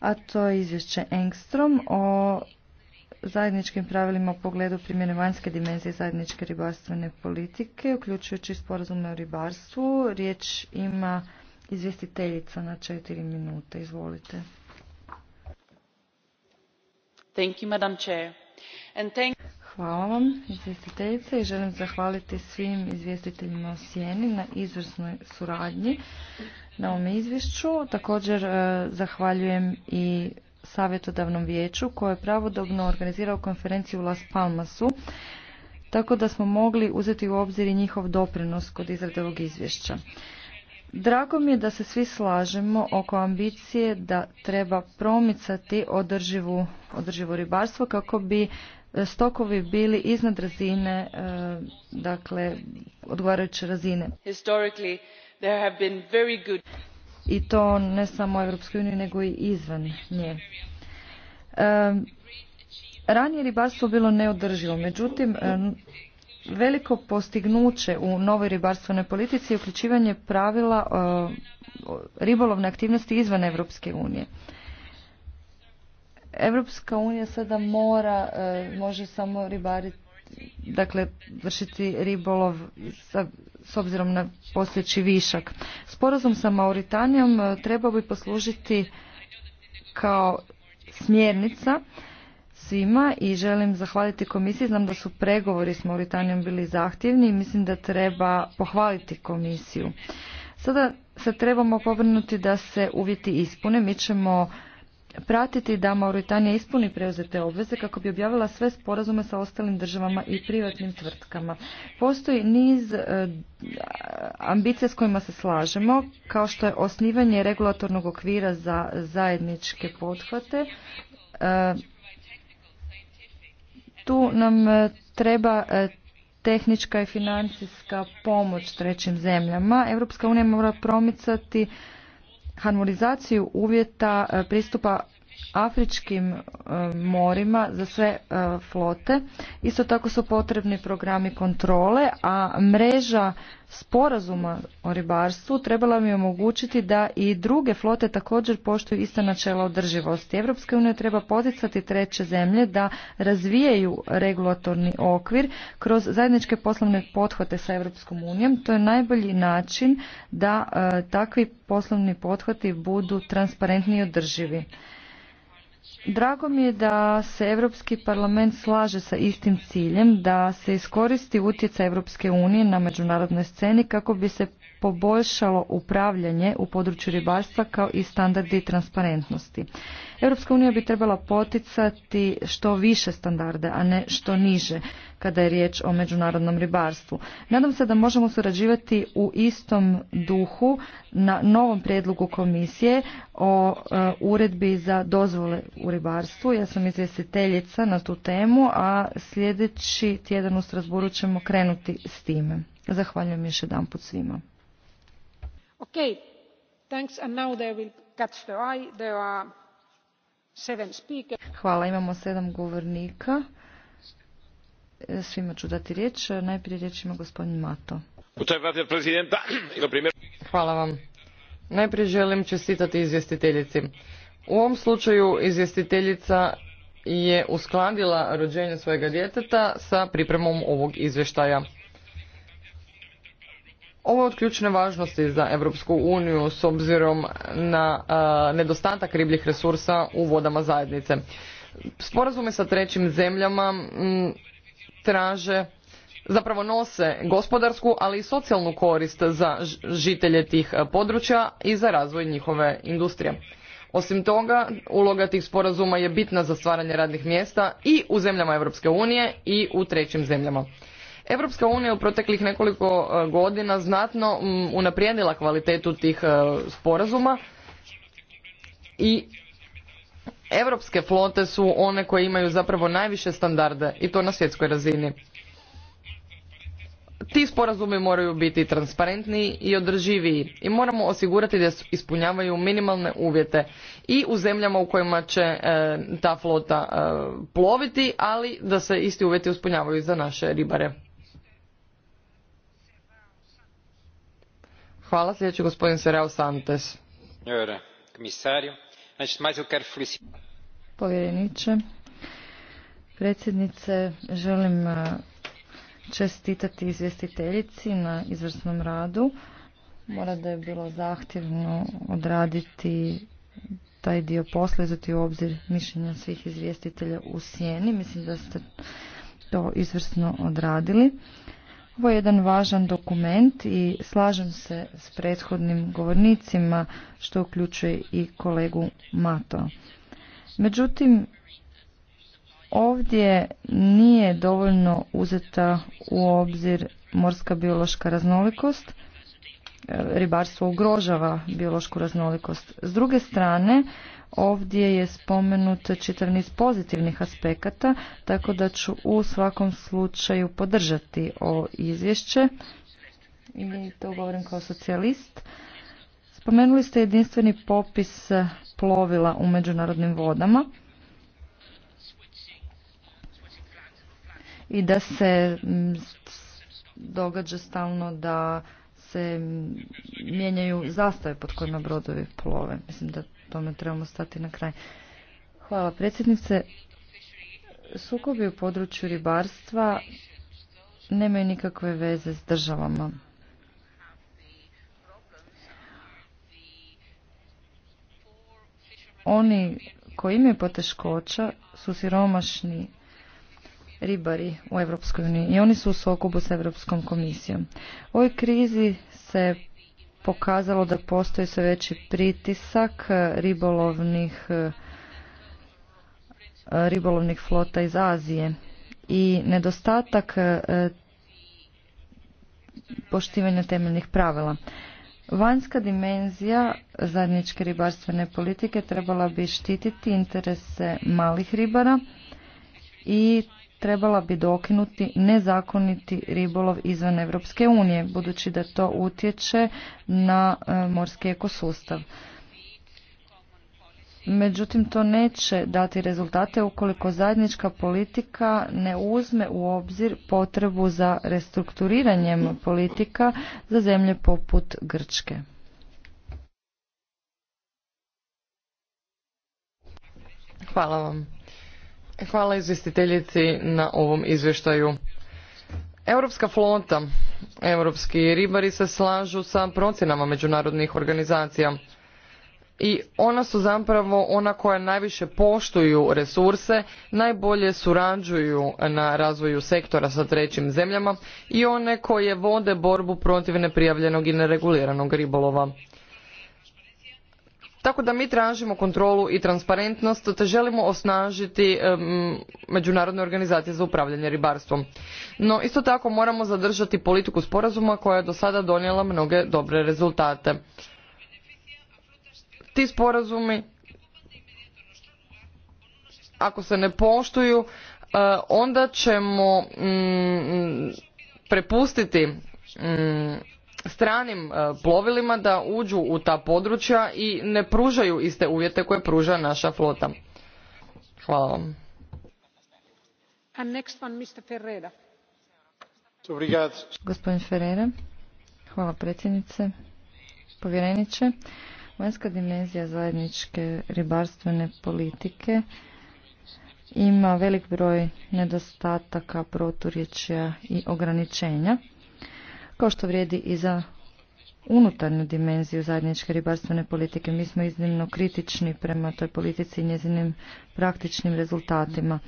a to je izvješće Engstrom o zajedničkim pravilima u pogledu primjene vanjske dimenzije zajedničke ribarstvene politike, uključujući sporazum o ribarstvu. Riječ ima izvjestiteljica na četiri minute. Izvolite. Thank Madam Hvala vam, izvjestiteljice, i želim zahvaliti svim izvjestiteljima o Sijeni na izvrsnoj suradnji na ovom izvješću. Također e, zahvaljujem i savjetodavnom vijeću koje je pravodobno organizirao konferenciju u Las Palmasu, tako da smo mogli uzeti u obzir i njihov doprinos kod izrade ovog izvješća. Drago mi je da se svi slažemo oko ambicije da treba promicati održivo ribarstvo kako bi stokovi bili iznad razine, e, dakle odgovarajuće razine. I to ne samo u Europskoj uniji, nego i izvan nje. E, ranije ribarstvo bilo neodrživo, međutim e, veliko postignuće u novoj ribarstvenoj politici je uključivanje pravila ribolovne aktivnosti izvan Europske unije. Europska unija sada mora, e, može samo ribariti, dakle vršiti ribolov s obzirom na postojeći višak. Sporazum sa Mauritanijom e, trebao bi poslužiti kao smjernica svima i želim zahvaliti komisiji. Znam da su pregovori s Mauritanijom bili zahtjevni i mislim da treba pohvaliti komisiju. Sada se trebamo pobrinuti da se uvjeti ispune. Mi ćemo pratiti da Mauritanija ispuni preuzete obveze kako bi objavila sve sporazume sa ostalim državama i privatnim tvrtkama. Postoji niz e, ambicija s kojima se slažemo, kao što je osnivanje regulatornog okvira za zajedničke pothvate. E, tu nam e, treba tehnička i financijska pomoć trećim zemljama. Europska unija mora promicati harmonizaciju uvjeta pristupa afričkim e, morima za sve e, flote. Isto tako su potrebni programi kontrole, a mreža sporazuma o ribarstvu trebala bi omogućiti da i druge flote također poštuju ista načela održivosti. Evropska unija treba poticati treće zemlje da razvijaju regulatorni okvir kroz zajedničke poslovne pothvate sa Evropskom unijom. To je najbolji način da e, takvi poslovni pothvati budu transparentni i održivi. Drago mi je da se Europski parlament slaže sa istim ciljem da se iskoristi utjecaj Europske unije na međunarodnoj sceni kako bi se poboljšalo upravljanje u području ribarstva kao i standardi transparentnosti. Europska unija bi trebala poticati što više standarde, a ne što niže kada je riječ o međunarodnom ribarstvu. Nadam se da možemo surađivati u istom duhu na novom prijedlogu komisije o e, uredbi za dozvole u ribarstvu. Ja sam izvjestiteljica na tu temu, a sljedeći tjedan u Strasburu ćemo krenuti s time. Zahvaljujem još jedan put svima. Okay, Hvala, imamo sedam govornika. E, svima ću dati riječ. Najprije riječ ima gospodin Mato. Hvala vam. Najprije želim čestitati izvjestiteljici. U ovom slučaju izvjestiteljica je uskladila rođenje svojega djeteta sa pripremom ovog izvještaja. Ovo je od ključne važnosti za Europsku uniju s obzirom na nedostatak ribljih resursa u vodama zajednice. Sporazume sa trećim zemljama traže zapravo nose gospodarsku, ali i socijalnu korist za žitelje tih područja i za razvoj njihove industrije. Osim toga, uloga tih sporazuma je bitna za stvaranje radnih mjesta i u zemljama Europske unije i u trećim zemljama. Europska unija u proteklih nekoliko e, godina znatno unaprijedila kvalitetu tih e, sporazuma i europske flote su one koje imaju zapravo najviše standarde i to na svjetskoj razini. Ti sporazumi moraju biti transparentniji i održiviji i moramo osigurati da ispunjavaju minimalne uvjete i u zemljama u kojima će e, ta flota ploviti, ali da se isti uvjeti ispunjavaju za naše ribare. Hvala, znači, Povjereniče, predsjednice, želim eh, čestitati izvjestiteljici na izvrsnom radu. Mora da je bilo zahtjevno odraditi taj dio posla, uzeti u obzir mišljenja svih izvjestitelja u sjeni. Mislim da ste to izvrsno odradili. Ovo je jedan važan dokument i slažem se s prethodnim govornicima što uključuje i kolegu Mato. Međutim, ovdje nije dovoljno uzeta u obzir morska biološka raznolikost. Ribarstvo ugrožava biološku raznolikost. S druge strane, Ovdje je spomenut čitav niz pozitivnih aspekata, tako da ću u svakom slučaju podržati ovo izvješće. I to govorim kao socijalist. Spomenuli ste jedinstveni popis plovila u međunarodnim vodama. I da se mm, događa stalno da se mijenjaju zastave pod kojima brodovi plove. Mislim da tome trebamo stati na kraj. Hvala predsjednice. Sukobi u području ribarstva nemaju nikakve veze s državama. Oni koji imaju poteškoća su siromašni ribari u Europskoj uniji i oni su u sukobu s Europskom komisijom. U ovoj krizi se pokazalo da postoji sve veći pritisak e, ribolovnih e, ribolovnih flota iz Azije i nedostatak e, poštivanja temeljnih pravila. Vanjska dimenzija zajedničke ribarstvene politike trebala bi štititi interese malih ribara i trebala bi dokinuti nezakoniti ribolov izvan Europske unije, budući da to utječe na e, morski ekosustav. Međutim, to neće dati rezultate ukoliko zajednička politika ne uzme u obzir potrebu za restrukturiranjem politika za zemlje poput Grčke. Hvala vam. Hvala izvjestiteljici na ovom izvještaju. Europska flota, europski ribari se slažu sa procjenama međunarodnih organizacija i ona su zapravo ona koja najviše poštuju resurse, najbolje surađuju na razvoju sektora sa trećim zemljama i one koje vode borbu protiv neprijavljenog i nereguliranog ribolova. Tako da mi tražimo kontrolu i transparentnost te želimo osnažiti međunarodne organizacije za upravljanje ribarstvom. No isto tako moramo zadržati politiku sporazuma koja je do sada donijela mnoge dobre rezultate. Ti sporazumi ako se ne poštuju e, onda ćemo mm, mm, prepustiti mm, stranim e, plovilima da uđu u ta područja i ne pružaju iste uvjete koje pruža naša flota. Hvala vam. Gospodin Ferreira, hvala predsjednice, povjereniče. Vanjska dimenzija zajedničke ribarstvene politike ima velik broj nedostataka, proturječja i ograničenja kao što vrijedi i za unutarnju dimenziju zajedničke ribarstvene politike. Mi smo iznimno kritični prema toj politici i njezinim praktičnim rezultatima.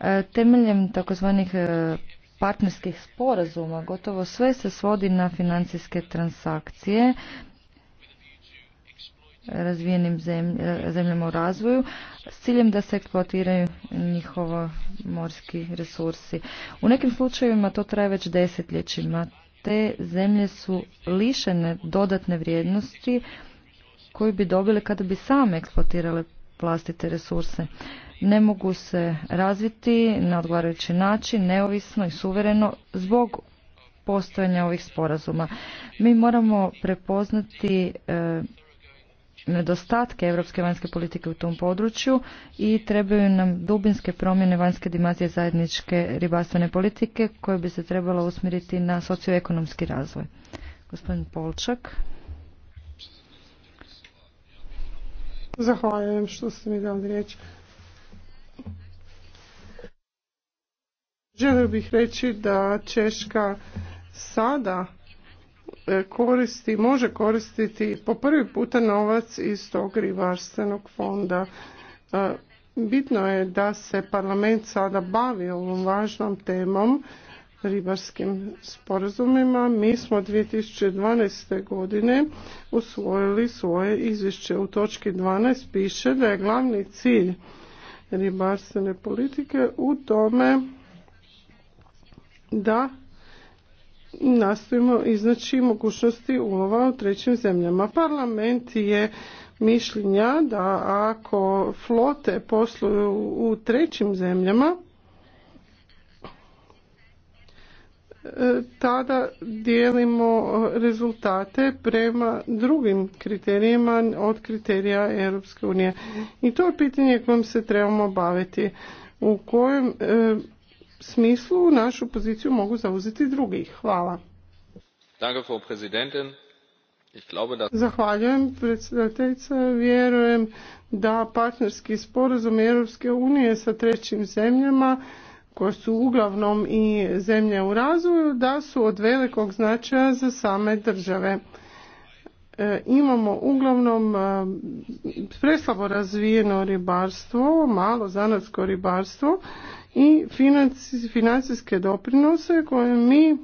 E, temeljem takozvanih e, partnerskih sporazuma gotovo sve se svodi na financijske transakcije razvijenim zemljama u razvoju s ciljem da se eksploatiraju njihovo morski resursi. U nekim slučajevima to traje već desetljećima. Te zemlje su lišene dodatne vrijednosti koju bi dobile kada bi same eksploatirale vlastite resurse. Ne mogu se razviti na odgovarajući način, neovisno i suvereno zbog postojanja ovih sporazuma. Mi moramo prepoznati e, nedostatke europske vanjske politike u tom području i trebaju nam dubinske promjene vanjske dimazije zajedničke ribarstvene politike koje bi se trebalo usmjeriti na socioekonomski razvoj. Gospodin Polčak. Zahvaljujem što ste mi dali riječ. Želio bih reći da Češka sada E, koristi, može koristiti po prvi puta novac iz tog ribarstvenog fonda. E, bitno je da se parlament sada bavi ovom važnom temom ribarskim sporazumima. Mi smo 2012. godine usvojili svoje izvješće. U točki 12 piše da je glavni cilj ribarstvene politike u tome da nastojimo iznaći mogućnosti ulova u trećim zemljama. Parlament je mišljenja da ako flote posluju u trećim zemljama, e, tada dijelimo rezultate prema drugim kriterijima od kriterija Europske unije. I to je pitanje kojim se trebamo baviti. U kojem e, smislu našu poziciju mogu zauzeti drugi. Hvala. Zahvaljujem predsjedateljica. Vjerujem da partnerski sporazum Europske unije sa trećim zemljama koje su uglavnom i zemlje u razvoju da su od velikog značaja za same države. E, imamo uglavnom e, preslabo razvijeno ribarstvo, malo zanatsko ribarstvo i financijske doprinose koje mi e,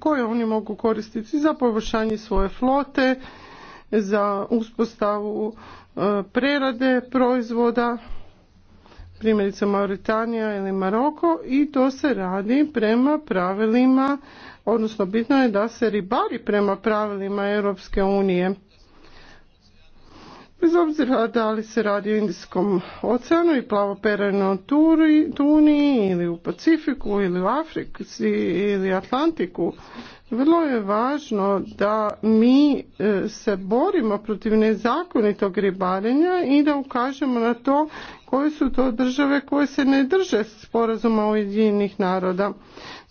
koje oni mogu koristiti za poboljšanje svoje flote, za uspostavu e, prerade proizvoda, primjerice Mauritanija ili Maroko i to se radi prema pravilima, odnosno bitno je da se ribari prema pravilima Europske unije Bez obzira da li se radi o Indijskom oceanu i plavoperenoj tuni ili u Pacifiku ili u Africi ili Atlantiku, vrlo je važno da mi e, se borimo protiv nezakonitog ribarenja i da ukažemo na to koje su to države koje se ne drže sporazuma Ujedinjenih naroda.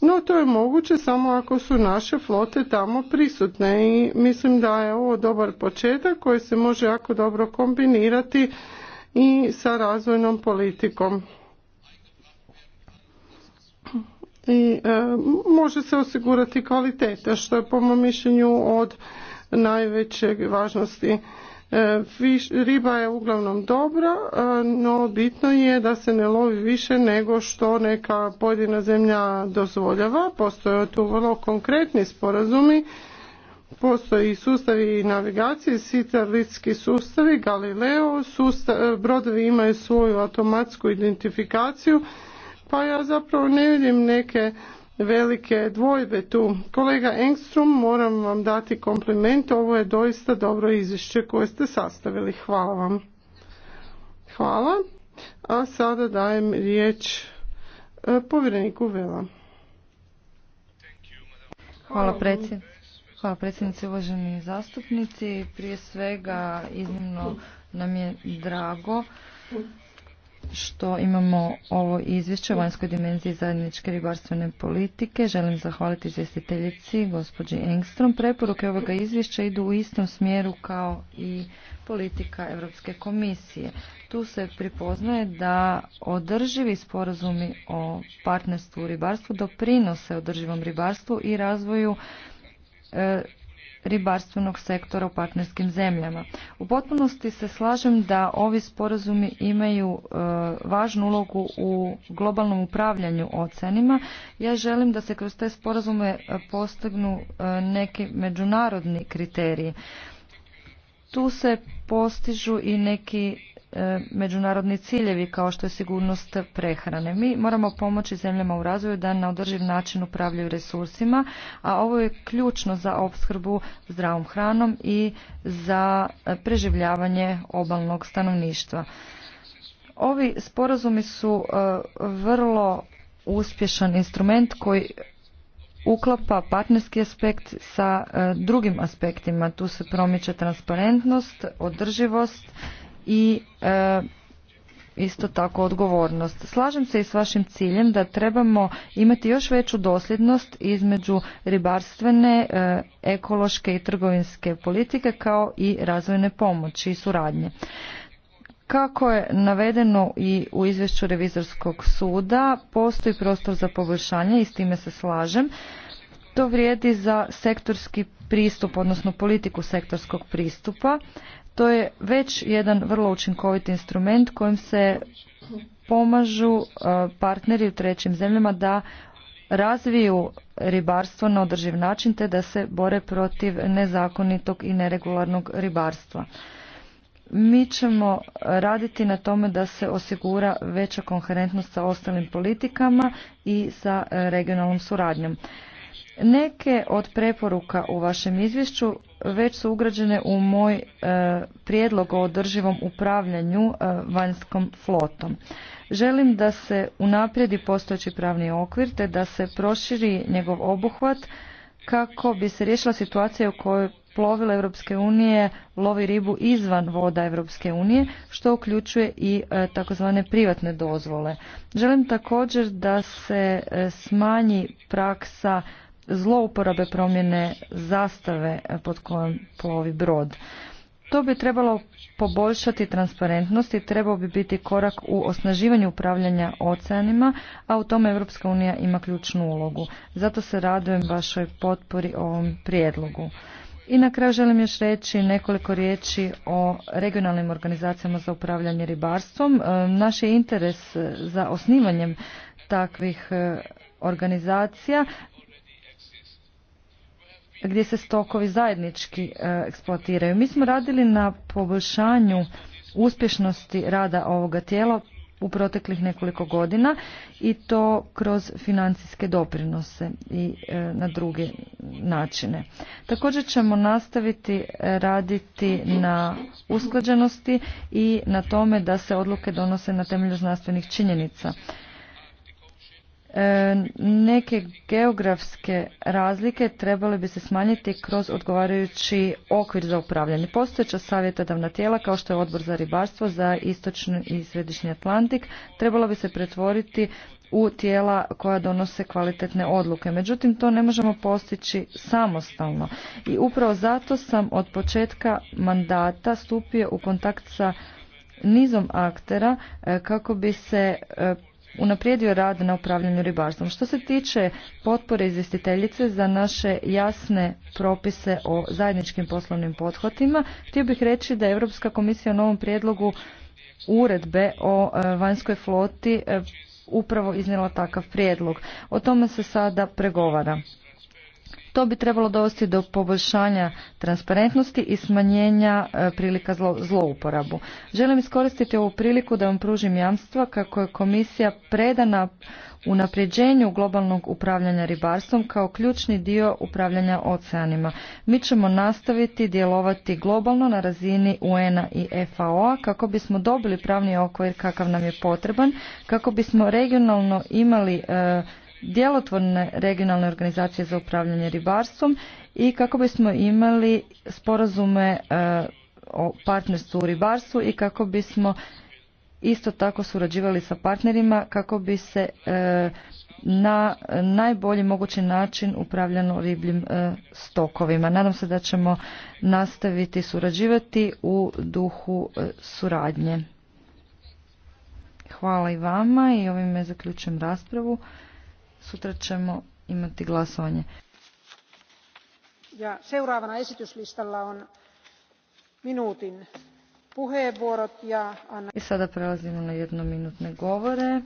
No to je moguće samo ako su naše flote tamo prisutne i mislim da je ovo dobar početak koji se može jako dobro kombinirati i sa razvojnom politikom. I e, može se osigurati kvaliteta što je po mom mišljenju od najveće važnosti. E, riba je uglavnom dobra, e, no bitno je da se ne lovi više nego što neka pojedina zemlja dozvoljava. Postoje tu vrlo konkretni sporazumi. Postoji i sustavi navigacije, sitarlitski sustavi, Galileo, e, brodovi imaju svoju automatsku identifikaciju, pa ja zapravo ne vidim neke velike dvojbe tu. Kolega Engstrom, moram vam dati kompliment. Ovo je doista dobro izvješće koje ste sastavili. Hvala vam. Hvala. A sada dajem riječ e, povjereniku Vela. Hvala predsjednice. Hvala predsjednici, uvaženi zastupnici. Prije svega iznimno nam je drago što imamo ovo izvješće o vanjskoj dimenziji zajedničke ribarstvene politike. Želim zahvaliti izvjestiteljici, gospođi Engstrom. Preporuke ovoga izvješća idu u istom smjeru kao i politika Europske komisije. Tu se pripoznaje da održivi sporazumi o partnerstvu u ribarstvu doprinose održivom ribarstvu i razvoju e, ribarstvenog sektora u partnerskim zemljama. U potpunosti se slažem da ovi sporazumi imaju e, važnu ulogu u globalnom upravljanju oceanima. Ja želim da se kroz te sporazume e, postignu e, neki međunarodni kriteriji. Tu se postižu i neki E, međunarodni ciljevi kao što je sigurnost prehrane. Mi moramo pomoći zemljama u razvoju da na održiv način upravljaju resursima, a ovo je ključno za opskrbu zdravom hranom i za e, preživljavanje obalnog stanovništva. Ovi sporazumi su e, vrlo uspješan instrument koji uklapa partnerski aspekt sa drugim aspektima. Tu se promiče transparentnost, održivost, i e, isto tako odgovornost. Slažem se i s vašim ciljem da trebamo imati još veću dosljednost između ribarstvene, e, ekološke i trgovinske politike kao i razvojne pomoći i suradnje. Kako je navedeno i u izvješću revizorskog suda, postoji prostor za poboljšanje i s time se slažem. To vrijedi za sektorski pristup, odnosno politiku sektorskog pristupa. To je već jedan vrlo učinkovit instrument kojim se pomažu e, partneri u trećim zemljama da razviju ribarstvo na održiv način te da se bore protiv nezakonitog i neregularnog ribarstva. Mi ćemo raditi na tome da se osigura veća konherentnost sa ostalim politikama i sa e, regionalnom suradnjom. Neke od preporuka u vašem izvješću već su ugrađene u moj e, prijedlog o održivom upravljanju e, vanjskom flotom. Želim da se unaprijedi postojeći pravni okvir te da se proširi njegov obuhvat kako bi se riješila situacija u kojoj plovila Europske unije lovi ribu izvan voda Europske unije, što uključuje i e, takozvane privatne dozvole. Želim također da se smanji praksa zlouporabe promjene zastave eh, pod kojom plovi brod. To bi trebalo poboljšati transparentnost i trebao bi biti korak u osnaživanju upravljanja oceanima, a u tome Europska unija ima ključnu ulogu. Zato se radujem vašoj potpori ovom prijedlogu. I na kraju želim još reći nekoliko riječi o regionalnim organizacijama za upravljanje ribarstvom. Eh, naš je interes eh, za osnivanjem takvih organizacija gdje se stokovi zajednički e, eksploatiraju. Mi smo radili na poboljšanju uspješnosti rada ovoga tijela u proteklih nekoliko godina i to kroz financijske doprinose i e, na druge načine. Također ćemo nastaviti raditi na usklađenosti i na tome da se odluke donose na temelju znanstvenih činjenica. E, neke geografske razlike trebale bi se smanjiti kroz odgovarajući okvir za upravljanje. Postojeća savjetodavna tijela kao što je Odbor za ribarstvo za istočni i središnji Atlantik trebalo bi se pretvoriti u tijela koja donose kvalitetne odluke. Međutim, to ne možemo postići samostalno. I upravo zato sam od početka mandata stupio u kontakt sa nizom aktera e, kako bi se e, unaprijedio rad na upravljanju ribarstvom. Što se tiče potpore izvjestiteljice za naše jasne propise o zajedničkim poslovnim pothvatima, htio bih reći da Europska komisija u novom prijedlogu uredbe o e, vanjskoj floti e, upravo iznijela takav prijedlog. O tome se sada pregovara. To bi trebalo dovesti do poboljšanja transparentnosti i smanjenja e, prilika zlouporabu. Želim iskoristiti ovu priliku da vam pružim jamstva kako je komisija predana unapređenju globalnog upravljanja ribarstvom kao ključni dio upravljanja oceanima. Mi ćemo nastaviti djelovati globalno na razini UN-a i FAO-a kako bismo dobili pravni okvir kakav nam je potreban, kako bismo regionalno imali e, djelotvorne regionalne organizacije za upravljanje ribarstvom i kako bismo imali sporazume e, o partnerstvu u ribarstvu i kako bismo isto tako surađivali sa partnerima kako bi se e, na najbolji mogući način upravljano ribljim e, stokovima. Nadam se da ćemo nastaviti surađivati u duhu suradnje. Hvala i vama i ovime zaključujem raspravu. Sutra ćemo imati glasovanje. Ja seuraavana esityslistalla on minuutin puheenvuorot ja... I sada prelazimo na jednominutne govore.